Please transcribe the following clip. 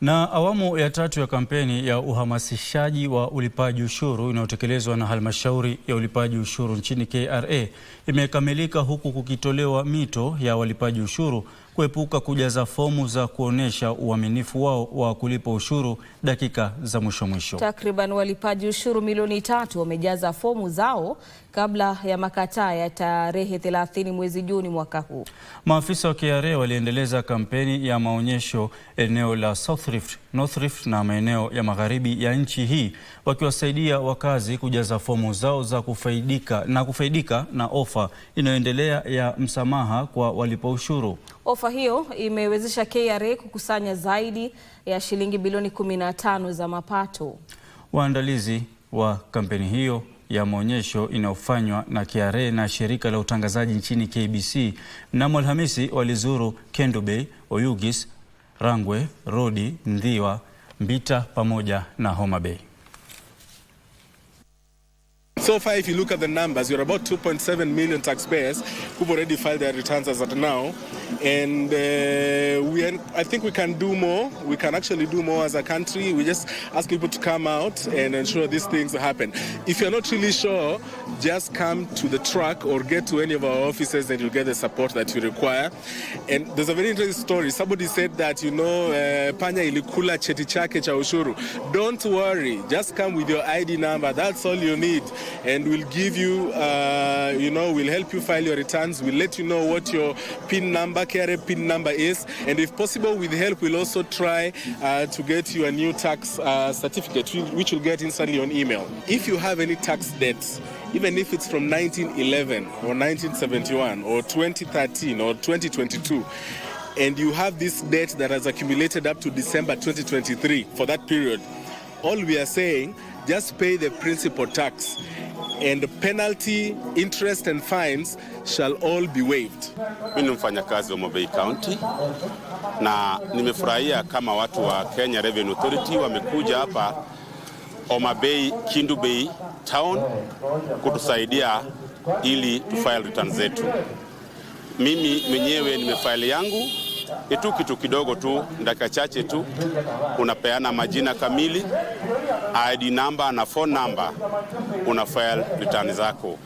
Na awamu ya tatu ya kampeni ya uhamasishaji wa ulipaji ushuru inayotekelezwa na halmashauri ya ulipaji ushuru nchini KRA imekamilika huku kukitolewa mito ya walipaji ushuru kuepuka kujaza fomu za kuonyesha uaminifu wao wa kulipa ushuru dakika za mwisho mwisho. Takriban walipaji ushuru milioni tatu wamejaza fomu zao kabla ya makataa ya tarehe 30 mwezi Juni mwaka huu. Maafisa wa KRA waliendeleza kampeni ya maonyesho eneo la South Rift, North Rift na maeneo ya magharibi ya nchi hii wakiwasaidia wakazi kujaza fomu zao za kufaidika na kufaidika na ofa inayoendelea ya msamaha kwa walipa ushuru. Ofa hiyo imewezesha KRA kukusanya zaidi ya shilingi bilioni 15 za mapato. Waandalizi wa kampeni hiyo ya maonyesho inayofanywa na KRA na shirika la utangazaji nchini KBC mnamo Alhamisi walizuru Kendu Bay, Oyugis, Rangwe, Rodi, Ndhiwa, Mbita pamoja na Homa Bay. So far, if you look at the numbers, you're about 2.7 million taxpayers who've already filed their returns as at now. And uh, we, I think we can do more. We can actually do more as a country. We just ask people to come out and ensure these things happen. If you're not really sure, just come to the truck or get to any of our offices and you'll get the support that you require. And there's a very interesting story. Somebody said that, you know, uh, panya ilikula cheti chake cha ushuru. Don't worry, just come with your ID number. That's all you need and we'll give you, uh, you know, we'll help you file your returns. We'll let you know what your PIN number, KRA PIN number is. And if possible, with help, we'll also try uh, to get you a new tax uh, certificate, which you'll get instantly on email. If you have any tax debts, even if it's from 1911 or 1971 or 2013 or 2022, and you have this debt that has accumulated up to December 2023 for that period, all we are saying, just pay the principal tax and penalty, interest and fines shall all be waived. Mimi ni mfanyakazi wa Mobei County na nimefurahia kama watu wa Kenya Revenue Authority wamekuja hapa Homa Bay, Kindu Bay town kutusaidia ili tufile return zetu. Mimi mwenyewe nimefile yangu itu kitu kidogo tu, dakika chache tu, unapeana majina kamili, ID number na phone number, una file return zako.